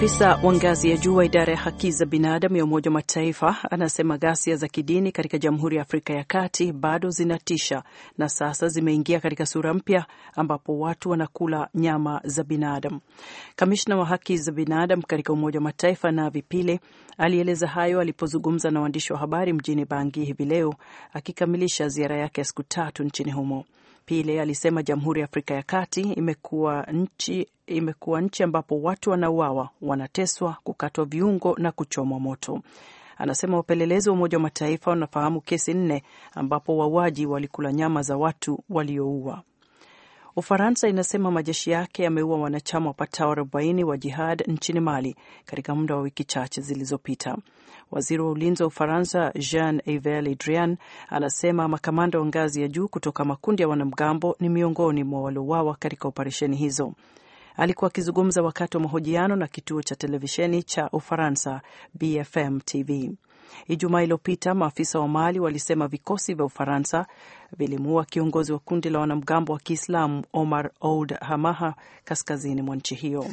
Afisa wa ngazi ya juu wa idara ya haki za binadamu ya Umoja wa Mataifa anasema ghasia za kidini katika Jamhuri ya Afrika ya Kati bado zinatisha na sasa zimeingia katika sura mpya ambapo watu wanakula nyama za binadamu. Kamishna wa haki za binadamu katika Umoja wa Mataifa na Vipile alieleza hayo alipozungumza na waandishi wa habari mjini Bangi hivi leo akikamilisha ziara yake ya siku tatu nchini humo. Jumapili alisema Jamhuri ya Afrika ya Kati imekuwa nchi imekuwa nchi ambapo watu wanauawa, wanateswa, kukatwa viungo na kuchomwa moto. Anasema wapelelezi wa Umoja wa Mataifa wanafahamu kesi nne ambapo wauaji walikula nyama za watu walioua. Ufaransa inasema majeshi yake yameua wanachama wapatao 40 wa jihad nchini Mali katika muda wa wiki chache zilizopita. Waziri wa ulinzi wa Ufaransa Jean Yves Le Drian anasema makamanda wa ngazi ya juu kutoka makundi ya wanamgambo ni miongoni mwa waliouawa katika operesheni hizo. Alikuwa akizungumza wakati wa mahojiano na kituo cha televisheni cha Ufaransa BFM TV. Ijumaa iliyopita maafisa wa Mali walisema vikosi vya Ufaransa vilimuua kiongozi wa kundi la wanamgambo wa Kiislamu Omar Ould Hamaha kaskazini mwa nchi hiyo.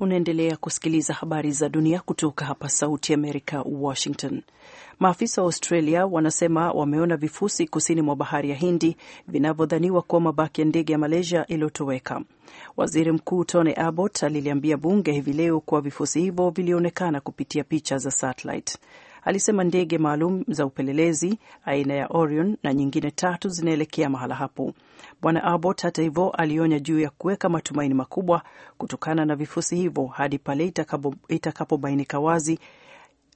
Unaendelea kusikiliza habari za dunia kutoka hapa Sauti Amerika, Washington. Maafisa wa Australia wanasema wameona vifusi kusini mwa bahari ya Hindi vinavyodhaniwa kuwa mabaki ya ndege ya Malaysia iliyotoweka. Waziri Mkuu Tony Abbott aliliambia bunge hivi leo kuwa vifusi hivyo vilionekana kupitia picha za satellite alisema ndege maalum za upelelezi aina ya Orion na nyingine tatu zinaelekea mahala hapo. Bwana Abbott hata hivyo alionya juu ya kuweka matumaini makubwa kutokana na vifusi hivyo hadi pale itakapobainika wazi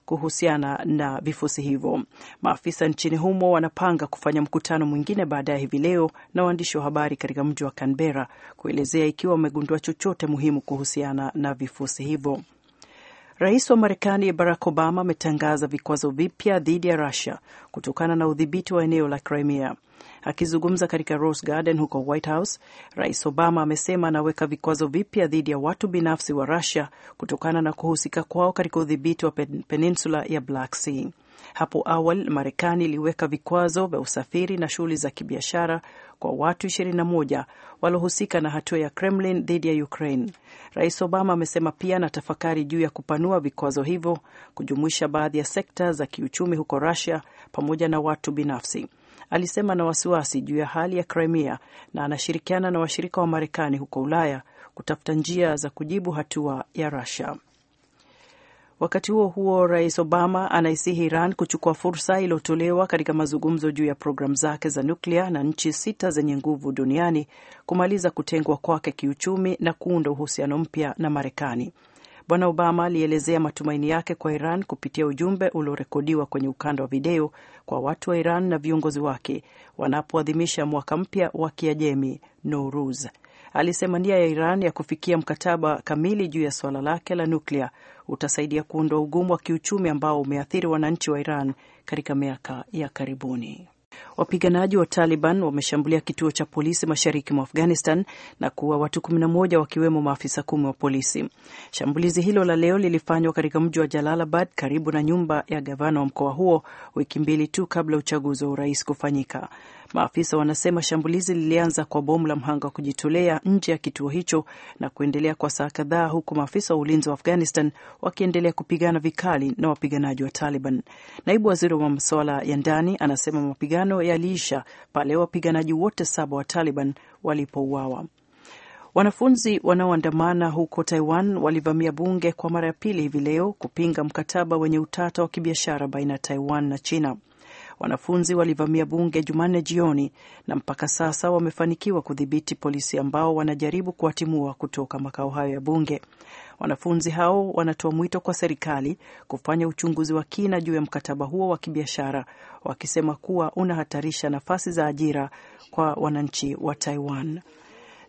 kuhusiana na vifusi hivyo. Maafisa nchini humo wanapanga kufanya mkutano mwingine baadaye hivi leo na waandishi wa habari katika mji wa Canberra kuelezea ikiwa wamegundua chochote muhimu kuhusiana na vifusi hivyo. Rais wa Marekani Barack Obama ametangaza vikwazo vipya dhidi ya rusia kutokana na udhibiti wa eneo la Crimea. Akizungumza katika Rose Garden huko White House, Rais Obama amesema anaweka vikwazo vipya dhidi ya watu binafsi wa rusia kutokana na kuhusika kwao katika udhibiti wa pen peninsula ya Black Sea. Hapo awali Marekani iliweka vikwazo vya usafiri na shughuli za kibiashara kwa watu 21 walohusika na hatua ya Kremlin dhidi ya Ukraine. Rais Obama amesema pia anatafakari juu ya kupanua vikwazo hivyo kujumuisha baadhi ya sekta za kiuchumi huko Russia pamoja na watu binafsi. Alisema na wasiwasi juu ya hali ya Crimea na anashirikiana na washirika wa Marekani huko Ulaya kutafuta njia za kujibu hatua ya Russia. Wakati huo huo, Rais Obama anaisihi Iran kuchukua fursa iliyotolewa katika mazungumzo juu ya programu zake za nuklia na nchi sita zenye nguvu duniani kumaliza kutengwa kwake kiuchumi na kuunda uhusiano mpya na Marekani. Bwana Obama alielezea matumaini yake kwa Iran kupitia ujumbe uliorekodiwa kwenye ukanda wa video kwa watu wa Iran na viongozi wake wanapoadhimisha mwaka mpya wa Kiajemi, Nowruz. Alisema nia ya Iran ya kufikia mkataba kamili juu ya suala lake la nuklia utasaidia kuondoa ugumu wa kiuchumi ambao umeathiri wananchi wa Iran katika miaka ya karibuni. Wapiganaji wa Taliban wameshambulia kituo cha polisi mashariki mwa Afghanistan na kuua watu 11 wakiwemo maafisa kumi wa polisi. Shambulizi hilo la leo lilifanywa katika mji wa Jalalabad karibu na nyumba ya gavana wa mkoa huo, wiki mbili tu kabla uchaguzi wa urais kufanyika. Maafisa wanasema shambulizi lilianza kwa bomu la mhanga wa kujitolea nje ya kituo hicho na kuendelea kwa saa kadhaa, huku maafisa wa ulinzi wa Afghanistan wakiendelea kupigana vikali na wapiganaji wa Taliban. Naibu waziri wa masuala ya ndani anasema mapigano yaliisha pale wapiganaji wote saba wa Taliban walipouawa. Wanafunzi wanaoandamana huko Taiwan walivamia bunge kwa mara ya pili hivi leo kupinga mkataba wenye utata wa kibiashara baina ya Taiwan na China. Wanafunzi walivamia bunge Jumanne jioni na mpaka sasa wamefanikiwa kudhibiti polisi ambao wanajaribu kuwatimua kutoka makao hayo ya bunge. Wanafunzi hao wanatoa mwito kwa serikali kufanya uchunguzi wa kina juu ya mkataba huo wa kibiashara, wakisema kuwa unahatarisha nafasi za ajira kwa wananchi wa Taiwan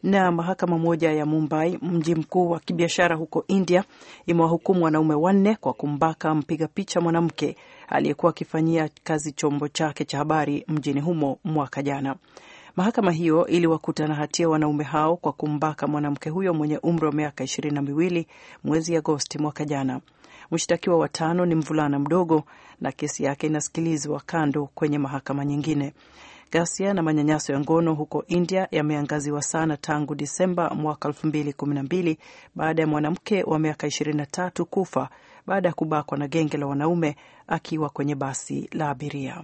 na mahakama moja ya Mumbai, mji mkuu wa kibiashara huko India, imewahukumu wanaume wanne kwa kumbaka mpiga picha mwanamke aliyekuwa akifanyia kazi chombo chake cha habari mjini humo mwaka jana. Mahakama hiyo iliwakuta na hatia wanaume hao kwa kumbaka mwanamke huyo mwenye umri wa miaka ishirini na miwili mwezi Agosti mwaka jana. Mshtakiwa wa tano ni mvulana mdogo na kesi yake inasikilizwa kando kwenye mahakama nyingine. Ghasia na manyanyaso ya ngono huko India yameangaziwa sana tangu Disemba mwaka 2012 baada ya mwanamke wa miaka 23 kufa baada ya kubakwa na genge la wanaume akiwa kwenye basi la abiria.